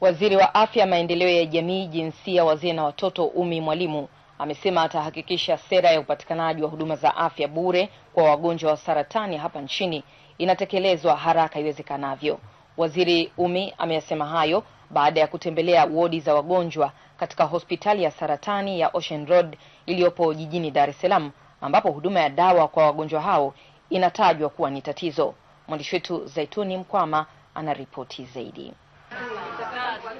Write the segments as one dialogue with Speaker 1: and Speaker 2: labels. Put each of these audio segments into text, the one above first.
Speaker 1: Waziri wa Afya, Maendeleo ya Jamii, Jinsia, Wazee na Watoto Umi Mwalimu amesema atahakikisha sera ya upatikanaji wa huduma za afya bure kwa wagonjwa wa saratani hapa nchini inatekelezwa haraka iwezekanavyo. Waziri Umi ameyasema hayo baada ya kutembelea wodi za wagonjwa katika hospitali ya saratani ya Ocean Road iliyopo jijini Dar es Salaam ambapo huduma ya dawa kwa wagonjwa hao inatajwa kuwa ni tatizo. Mwandishi wetu Zaituni Mkwama anaripoti zaidi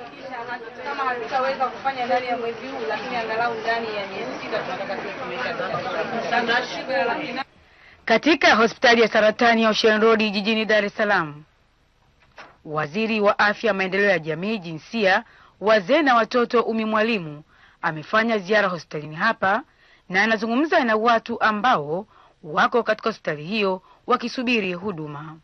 Speaker 1: kuhakikisha kama hatutaweza kufanya ndani ya mwezi huu, lakini
Speaker 2: angalau ndani ya miezi sita tunataka Katika hospitali ya saratani ya Ocean Road jijini Dar es Salaam, waziri wa afya, maendeleo ya jamii, jinsia, wazee na watoto, Umi Mwalimu amefanya ziara hospitalini hapa na anazungumza na watu ambao wako katika hospitali hiyo wakisubiri huduma.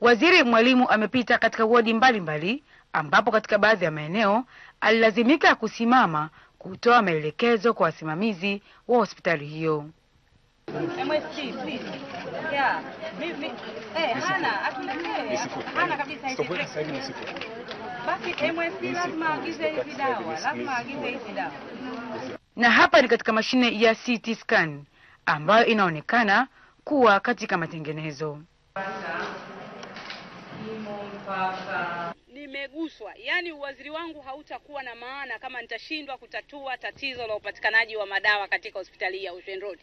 Speaker 2: Waziri Mwalimu amepita katika wodi mbalimbali ambapo katika baadhi ya maeneo alilazimika kusimama kutoa maelekezo kwa wasimamizi wa hospitali hiyo. Na hapa ni katika mashine ya CT scan ambayo inaonekana kuwa katika matengenezo
Speaker 3: kuguswa. yaani uwaziri wangu hautakuwa na maana kama nitashindwa kutatua tatizo la upatikanaji wa madawa katika hospitali ya Ocean Road,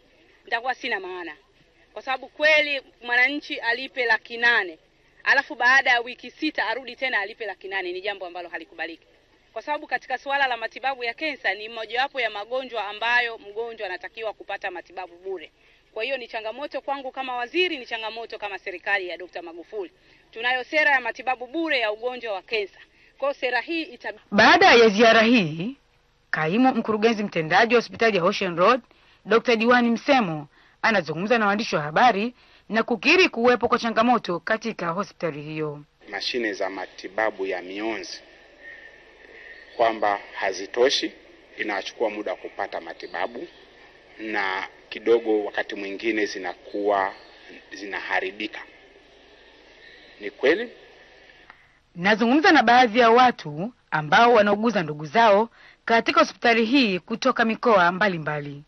Speaker 3: nitakuwa sina maana, kwa sababu kweli mwananchi alipe laki nane alafu baada ya wiki sita arudi tena alipe laki nane ni jambo ambalo halikubaliki, kwa sababu katika suala la matibabu ya kensa ni mojawapo ya magonjwa ambayo mgonjwa anatakiwa kupata matibabu bure. Kwa hiyo ni changamoto kwangu kama waziri, ni changamoto kama serikali ya Dkt. Magufuli. Tunayo sera ya matibabu bure ya ugonjwa wa kensa. Kwa sera
Speaker 2: hii ita... Baada ya ziara hii, kaimu mkurugenzi mtendaji wa hospitali ya Ocean Road Dr. Diwani Msemo anazungumza na waandishi wa habari na kukiri kuwepo kwa changamoto katika hospitali hiyo.
Speaker 4: Mashine za matibabu ya mionzi kwamba hazitoshi, inachukua muda wa kupata matibabu na kidogo wakati mwingine zinakuwa zinaharibika. Ni kweli
Speaker 2: Nazungumza na baadhi ya watu ambao wanauguza ndugu zao katika hospitali hii kutoka mikoa mbalimbali mbali.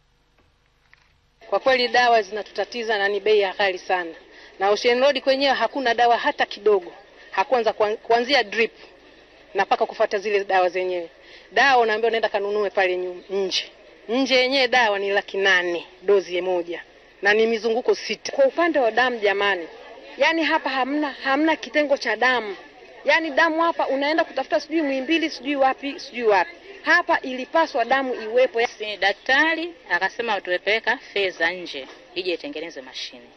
Speaker 5: Kwa kweli dawa zinatutatiza na ni bei ya ghali sana, na Ocean Road kwenyewe hakuna dawa hata kidogo, hakuanza kuanzia drip na mpaka kufuata zile dawa zenyewe. Dawa unaambiwa unaenda kanunue pale nje nje, yenyewe dawa ni laki nane dozi moja, na ni mizunguko sita.
Speaker 6: Kwa upande wa damu, jamani, yani hapa hamna hamna kitengo cha damu Yaani damu hapa unaenda kutafuta sijui mwimbili sijui wapi sijui wapi, hapa ilipaswa damu iwepo.
Speaker 7: Si daktari akasema tuwepeleka fedha nje ije itengeneze mashine.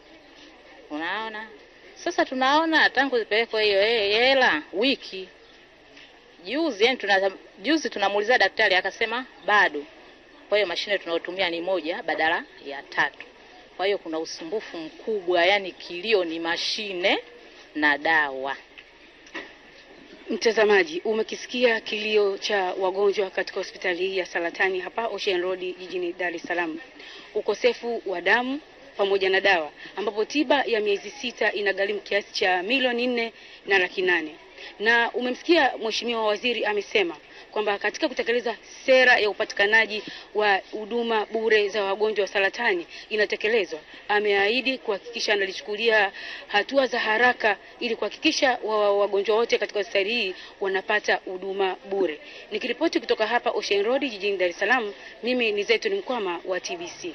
Speaker 7: Unaona sasa, tunaona tangu zipelekwa hiyo eh, hela wiki juzi, yani tuna, juzi tunamuuliza daktari akasema bado. Kwa hiyo mashine tunayotumia ni moja badala ya tatu. Kwa hiyo kuna usumbufu mkubwa, yani kilio ni mashine na dawa.
Speaker 3: Mtazamaji, umekisikia kilio cha wagonjwa katika hospitali hii ya saratani hapa Ocean Road jijini Dar es Salaam. Ukosefu wa damu pamoja na dawa, ambapo tiba ya miezi sita inagharimu kiasi cha milioni nne na laki nane na umemsikia mheshimiwa waziri amesema kwamba katika kutekeleza sera ya upatikanaji wa huduma bure za wagonjwa wa saratani inatekelezwa. Ameahidi kuhakikisha analichukulia hatua za haraka ili kuhakikisha wagonjwa wote katika hospitali hii wanapata huduma bure. Nikiripoti kutoka hapa Ocean Road jijini Dar es Salaam, mimi ni Zaituni Mkwama wa TBC.